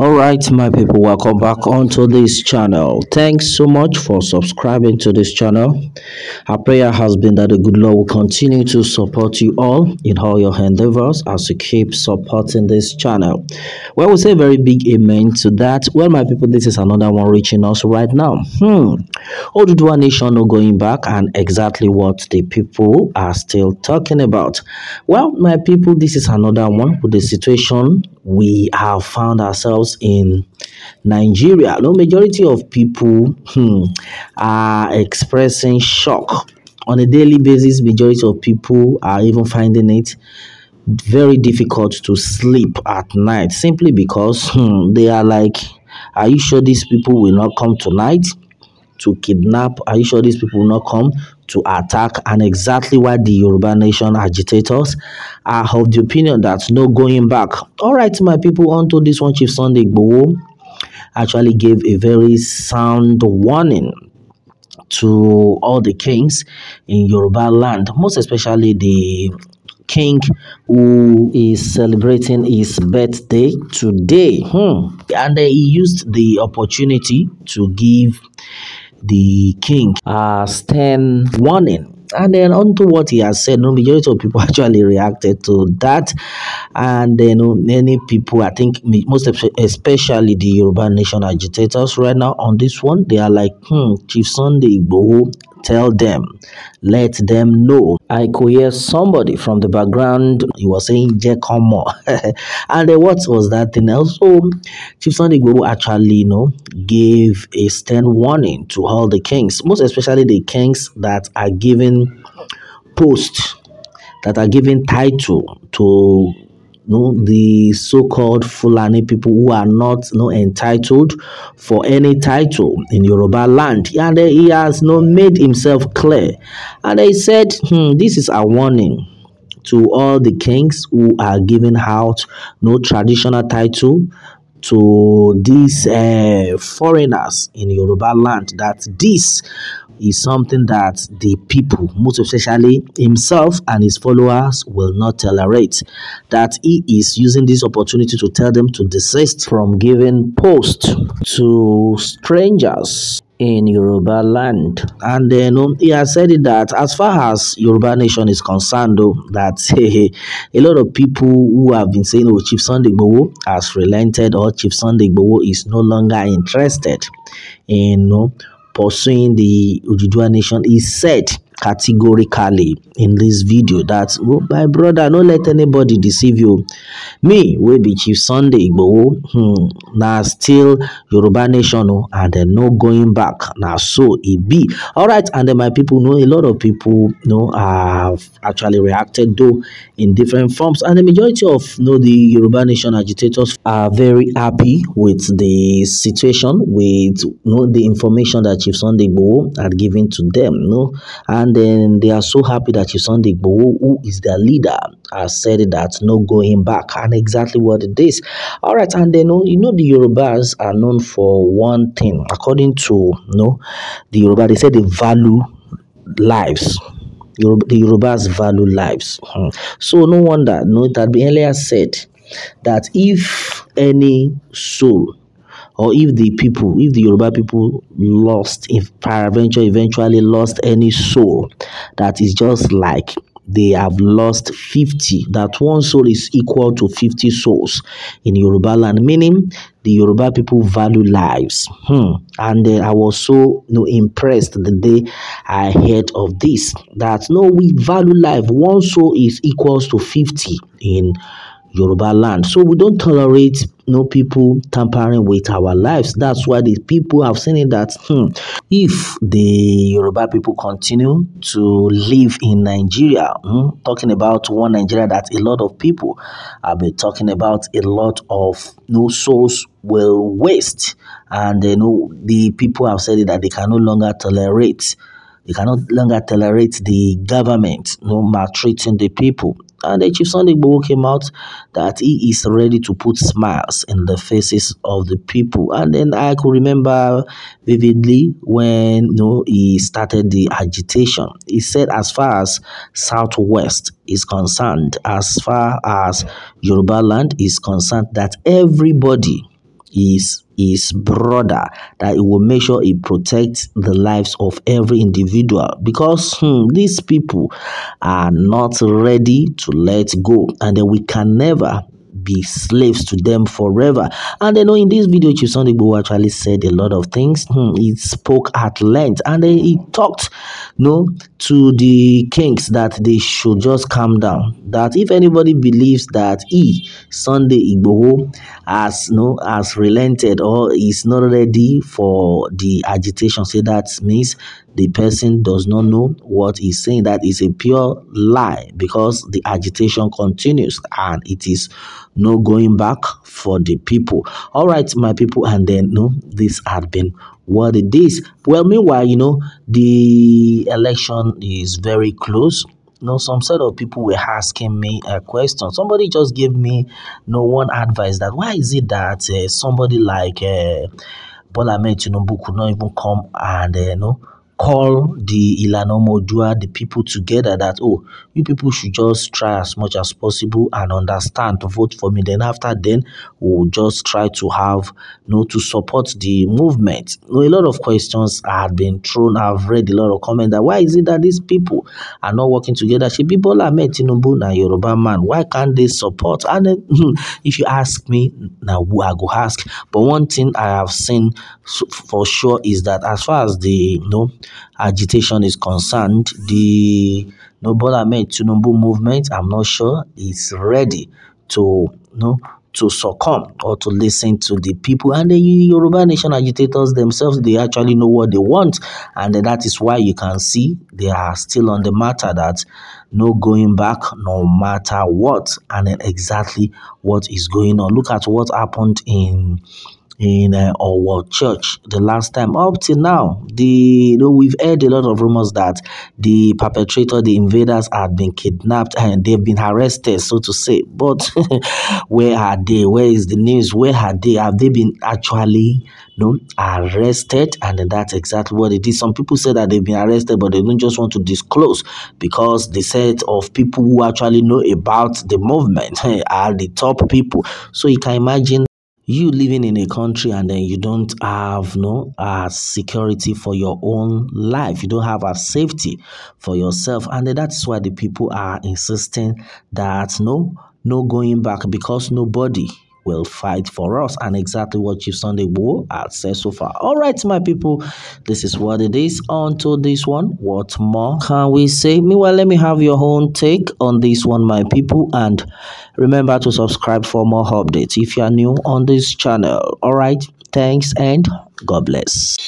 all right my people welcome back onto this channel thanks so much for subscribing to this channel our prayer has been that the good lord will continue to support you all in all your endeavors as you keep supporting this channel well we say very big amen to that well my people this is another one reaching us right now hmm Odudua nation no going back and exactly what the people are still talking about well my people this is another one with the situation we have found ourselves in Nigeria. The majority of people hmm, are expressing shock on a daily basis. Majority of people are even finding it very difficult to sleep at night simply because hmm, they are like, "Are you sure these people will not come tonight?" to kidnap? Are you sure these people will not come to attack? And exactly why the Yoruba Nation agitators are of the opinion that no going back. All right, my people, on to this one, Chief Sunday Igboho actually gave a very sound warning to all the kings in Yoruba land, most especially the king who is celebrating his birthday today. Hmm. And he used the opportunity to give the king uh 10 warning and then onto what he has said, no majority of people actually reacted to that, and then you know, many people, I think, most especially the urban nation agitators right now on this one, they are like, hmm, Chief Sunday Igboho Tell them. Let them know. I could hear somebody from the background. He was saying, Jekomo. and then what was that thing Also, Chief Sunday Guru actually, you know, gave a stern warning to all the kings, most especially the kings that are given posts, that are given title to no, the so-called Fulani people who are not no, entitled for any title in Yoruba land. And he has not made himself clear. And he said, hmm, this is a warning to all the kings who are giving out no traditional title to these uh, foreigners in Yoruba land that this is something that the people, most especially himself and his followers, will not tolerate. That he is using this opportunity to tell them to desist from giving post to strangers in Yoruba land. And then um, he has said that as far as Yoruba nation is concerned, though, that hey, a lot of people who have been saying, oh, Chief Sunday Bowo has relented or Chief Sunday Bowo is no longer interested in you um, know, pursuing the Ojibwa nation is set categorically in this video that oh, my brother not let anybody deceive you me we be chief sunday igbowo hmm, na still yoruba nation oh, and then no going back Now, so it be alright and then my people know a lot of people you know have actually reacted though in different forms and the majority of you know, the yoruba nation agitators are very happy with the situation with you know, the information that chief sunday igbowo had given to them you know, and and then they are so happy that Sunday Igboho, who is their leader, has said that no going back. And exactly what it is. All right. And then, oh, you know, the Yorubas are known for one thing. According to, you know, the Yoruba, they say they value lives the Yorubas value lives. Hmm. So no wonder, no, that had earlier said that if any soul or if the people, if the Yoruba people lost, if peradventure eventually lost any soul, that is just like they have lost 50. That one soul is equal to 50 souls in Yoruba land, meaning the Yoruba people value lives. Hmm. And uh, I was so you know, impressed the day I heard of this that no, we value life. One soul is equals to 50 in Yoruba land. So we don't tolerate no people tampering with our lives. That's why the people have seen it that hmm, if the Yoruba people continue to live in Nigeria, hmm, talking about one Nigeria that a lot of people have been talking about, a lot of no souls will waste. And you know, the people have said that they can no longer tolerate they cannot longer tolerate the government you no know, maltreating the people and the Chief Sunday Igboho came out that he is ready to put smiles in the faces of the people. And then I could remember vividly when you know, he started the agitation. He said, as far as Southwest is concerned, as far as Yoruba land is concerned, that everybody is is broader that it will make sure it protects the lives of every individual because hmm, these people are not ready to let go and then we can never be slaves to them forever. And I know in this video, Chief Sunday actually said a lot of things. Hmm, he spoke at length and then he talked no to the kings that they should just calm down that if anybody believes that he sunday igboho has no has relented or is not ready for the agitation say so that means the person does not know what he's saying that is a pure lie because the agitation continues and it is no going back for the people all right my people and then no this had been what it is. Well, meanwhile, you know, the election is very close. You know, some sort of people were asking me a question. Somebody just gave me you no know, one advice that why is it that uh, somebody like uh, Bola Tinubu could not even come and uh, you know call the Ilanomodua, the people together that, oh, you people should just try as much as possible and understand to vote for me. Then after then, we'll just try to have, you know, to support the movement. a lot of questions have been thrown. I've read a lot of comments that why is it that these people are not working together? Shebi Bola Ahmed Tinubu and Yoruba man. Why can't they support? And then, hmm, if you ask me, now I go ask. But one thing I have seen for sure is that as far as the, you know, agitation is concerned, the Nobola Tinubu movement, I'm not sure, is ready to you know, to succumb or to listen to the people and the Yoruba nation agitators themselves they actually know what they want and that is why you can see they are still on the matter that no going back no matter what and exactly what is going on look at what happened in in uh, Church the last time. Up till now, the you know, we've heard a lot of rumors that the perpetrator, the invaders, had been kidnapped and they've been arrested, so to say. But where are they? Where is the news? Where are they? Have they been actually no, arrested? And that's exactly what it is. Some people say that they've been arrested, but they don't just want to disclose because the set of people who actually know about the movement are the top people. So you can imagine you living in a country and then you don't have no as uh, security for your own life you don't have a uh, safety for yourself and that's why the people are insisting that no no going back because nobody will fight for us. And exactly what Chief Sunday Bo has said so far. All right, my people, this is what it is. On to this one. What more can we say? Meanwhile, let me have your own take on this one, my people. And remember to subscribe for more updates if you are new on this channel. All right, thanks and God bless.